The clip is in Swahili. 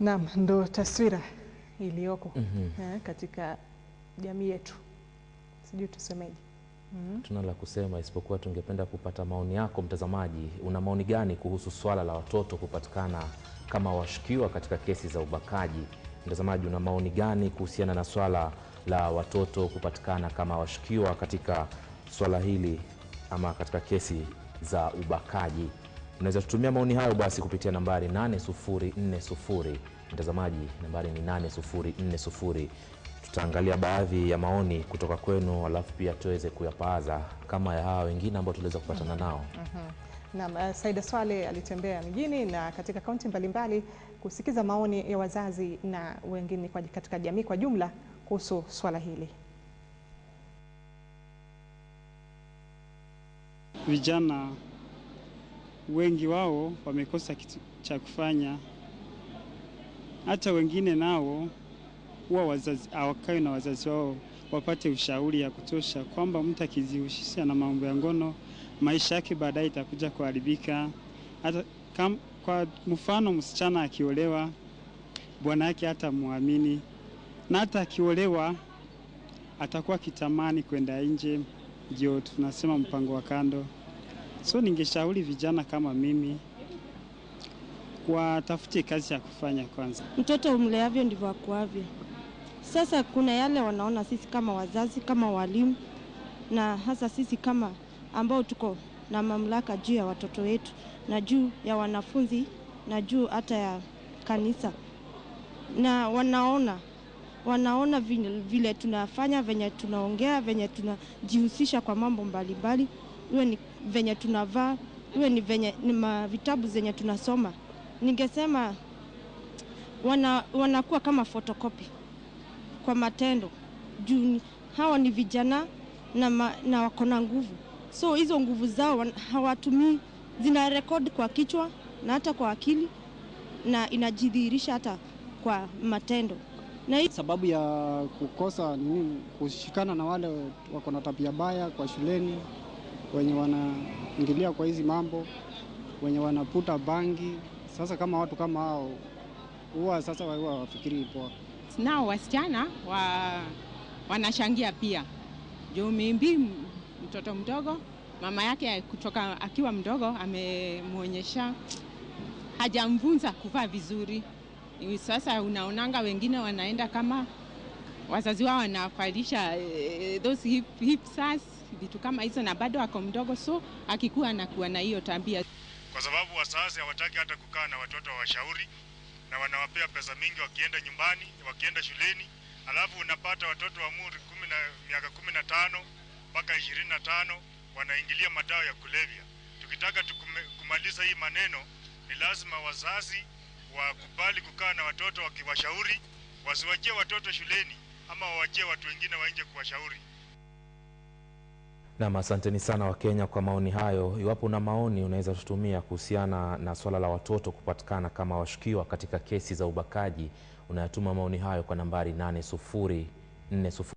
Naam, ndo taswira iliyoko mm -hmm. katika jamii yetu, sijui tusemeje. Mm -hmm. Tuna la kusema isipokuwa tungependa kupata maoni yako mtazamaji. Una maoni gani kuhusu swala la watoto kupatikana kama washukiwa katika kesi za ubakaji? Mtazamaji, una maoni gani kuhusiana na swala la watoto kupatikana kama washukiwa katika swala hili ama katika kesi za ubakaji? Unaweza tutumia maoni hayo basi kupitia nambari 8040 mtazamaji, nambari ni 8040. Tutaangalia baadhi ya maoni kutoka kwenu, alafu pia tuweze kuyapaza kama ya hawa wengine ambao tuliweza kupatana mm-hmm. nao. mm -hmm. Na eh, Saida Swale alitembea mjini na katika kaunti mbalimbali kusikiza maoni ya wazazi na wengine kwa katika jamii kwa jumla kuhusu swala hili. Vijana wengi wao wamekosa kitu cha kufanya. Hata wengine nao huwa wazazi hawakae na wazazi wao wapate ushauri ya kutosha, kwamba mtu akijihusisha na mambo ya ngono maisha yake baadaye itakuja kuharibika. Hata kam, kwa mfano msichana akiolewa bwana yake hata muamini, na hata akiolewa atakuwa kitamani kwenda nje. Ndio tunasema mpango wa kando. So ningeshauri vijana kama mimi watafute kazi ya kufanya kwanza. Mtoto umleavyo ndivyo akuavyo. Sasa kuna yale wanaona sisi kama wazazi, kama walimu, na hasa sisi kama ambao tuko na mamlaka juu ya watoto wetu na juu ya wanafunzi na juu hata ya kanisa, na wanaona wanaona vile, vile tunafanya venye tunaongea venye tunajihusisha kwa mambo mbalimbali mbali iwe ni venye tunavaa, iwe ni venye ni mavitabu zenye tunasoma. Ningesema wana, wanakuwa kama photocopy kwa matendo juu hawa ni vijana na, ma, na wako na nguvu, so hizo nguvu zao hawatumii, zina rekodi kwa kichwa na hata kwa akili na inajidhihirisha hata kwa matendo na hii... sababu ya kukosa nini kushikana na wale wako na tabia mbaya kwa shuleni wenye wanaingilia kwa hizi mambo, wenye wanaputa bangi. Sasa kama watu kama hao huwa sasa huwa wafikiri poa. Nao wasichana wa, wanashangia pia juu mimbi mtoto mdogo mama yake kutoka akiwa mdogo amemwonyesha, hajamvunza kuvaa vizuri. Sasa unaonanga wengine wanaenda kama wazazi wao wanafalisha eh, those hip, hipsters vitu kama hizo, na bado ako mdogo, so akikuwa anakuwa na hiyo tabia. Kwa sababu wazazi hawataki hata kukaa na watoto wawashauri, na wanawapea pesa mingi wakienda nyumbani, wakienda shuleni, alafu unapata watoto wa umri miaka kumi na tano mpaka ishirini na tano wanaingilia madawa ya kulevya. Tukitaka tukumaliza hii maneno, ni lazima wazazi wakubali kukaa na watoto wakiwashauri, wasiwachie watoto shuleni ama wawachie watu wengine wainje kuwashauri. Nam, asanteni sana Wakenya kwa maoni hayo. Iwapo una maoni unaweza tutumia kuhusiana na swala la watoto kupatikana kama washukiwa katika kesi za ubakaji. Unayatuma maoni hayo kwa nambari 4